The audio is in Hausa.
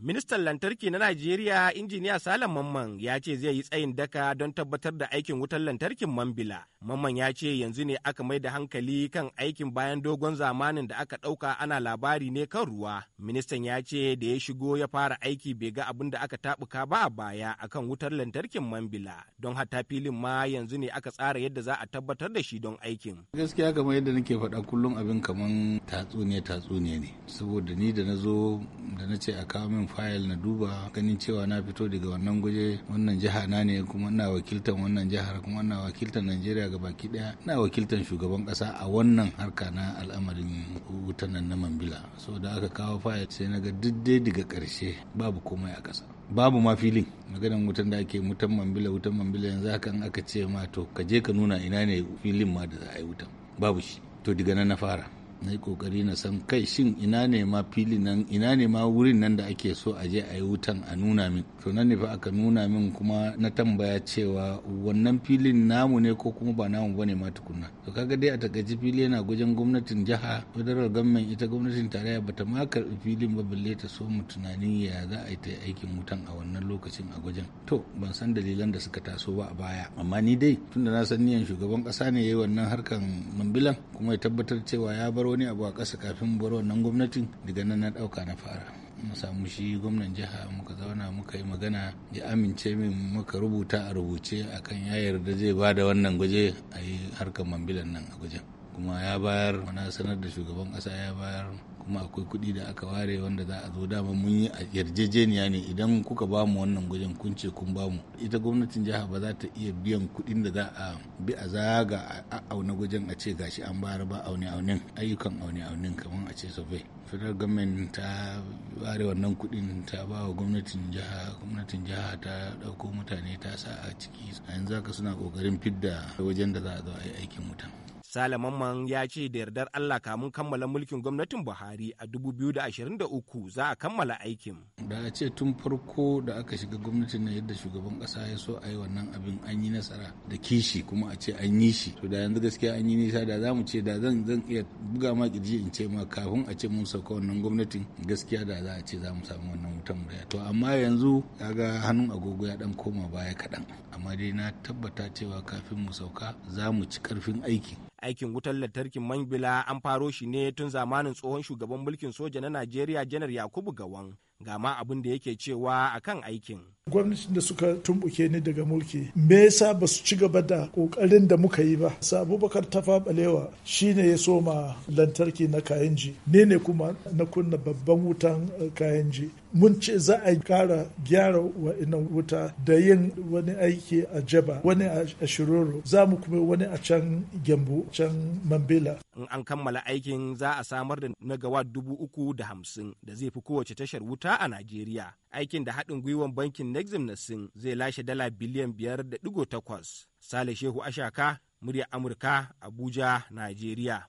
Ministan lantarki na Najeriya injiniya Salam Mamman ya ce zai yi tsayin daka don tabbatar da aikin wutar lantarkin Mambila Mamman ya ce yanzu ne aka mai da hankali kan aikin bayan dogon zamanin da aka ɗauka ana labari ne kan ruwa. Ministan ya ce da ya shigo ya fara aiki bai ga abin da aka taɓuka ba a baya akan wutar lantarkin Mambila don hatta filin ma yanzu ne aka tsara yadda za a tabbatar da shi don aikin. Gaskiya kamar yadda nake faɗa kullum abin kamar tatsuniya tatsuniya ne saboda ni da na zo da na ce a kawo min fayil na duba ganin cewa na fito daga wannan guje wannan jiha na ne kuma ina wakiltar wannan jihar kuma ina wakiltar Najeriya daga baki daya na wakiltar shugaban kasa a wannan harka na al'amarin wutan nan na Mambila saboda aka kawo faya sai na ga duk dai daga karshe babu komai a kasa babu ma filin maganan wutan da ake wutan mambila wutan mambila yanzu hakan aka ce ma to ka je ka nuna ina ne filin ma da za a yi wutan babu shi to diga nan na fara na yi kokari na san kai shin ina ne ma fili nan ina ne ma wurin nan da ake so a je a yi wutan a nuna min to nan ne fa aka nuna min kuma na tambaya cewa wannan filin namu ne ko kuma ba namu bane ma tukunna to kaga dai a takaji fili yana gujen gwamnatin jiha federal government ita gwamnatin tarayya bata ma karbi filin ba balle ta so mu tunani ya za a yi ta aikin wutan a wannan lokacin a gujen to ban san dalilan da suka taso ba a baya amma ni dai tunda na san niyan shugaban kasa ne ya yi wannan harkan mambilan kuma ya tabbatar cewa ya bar wani abu a ƙasa kafin bar wannan gwamnatin daga nan na ɗauka na fara mu samu shi gwamnan jiha muka zauna muka yi magana ya amince min muka rubuta a rubuce akan ya yarda zai ba da wannan gwaje a yi harkar mambilan nan a gwajen kuma ya bayar na sanar da shugaban ƙasa ya bayar kuma akwai kuɗi da aka ware wanda za a zo dama mun yi a yarjejeniya ne idan kuka ba mu wannan gwajin kun ce kun ba mu ita gwamnatin jiha ba za ta iya biyan kuɗin da za a bi a zaga a auna gwajin a ce gashi an bayar ba aune aunin ayyukan aune aunin kamar a ce sofe federal government ta ware wannan kuɗin ta ba wa gwamnatin jiha gwamnatin jiha ta ɗauko mutane ta sa a ciki a yanzu haka suna ƙoƙarin fidda wajen da za a zo a yi aikin wutan salamanman ya ce da yardar Allah kamun kammala mulkin gwamnatin Buhari a 2023 za a kammala aikin. Da a ce tun farko da aka shiga gwamnatin na yadda shugaban kasa ya so a yi wannan abin an yi nasara da kishi kuma a ce an yi shi. To da yanzu gaskiya an yi nisa da za mu ce da zan zan iya buga ma kirji in ce ma kafin a ce mun sauka wannan gwamnatin gaskiya da za a ce za mu samu wannan wutan murya. To amma yanzu ya ga hannun agogo ya dan koma baya kaɗan. Amma dai na tabbata cewa kafin mu sauka za mu ci karfin aiki. aikin wutar lantarkin mangbila an faro shi ne tun zamanin tsohon shugaban mulkin soja na najeriya janar yakubu gawan gama ma abin da yake cewa akan aikin. gwamnati da suka tumbuke ni daga mulki, me yasa ba su ci gaba da ƙoƙarin da muka yi ba? Sa Abubakar ta faɓalewa shi ne ya soma lantarki na Kayanji, ne ne kuma na kunna babban wutan eh, Kayanji. Mun ce za a ƙara gyara ina wuta da yin wani aiki a Jaba, wani a Shiroro, za mu kuma wani a can gyambu. can Mambila. In an kammala aikin za a samar da nagawa dubu uku da hamsin da zai fi kowace tashar wuta kyauta a Najeriya. Aikin da haɗin gwiwan bankin Nexim na zai lashe dala biliyan biyar da ɗigo takwas. Sale Shehu Ashaka, murya Amurka, Abuja, Najeriya.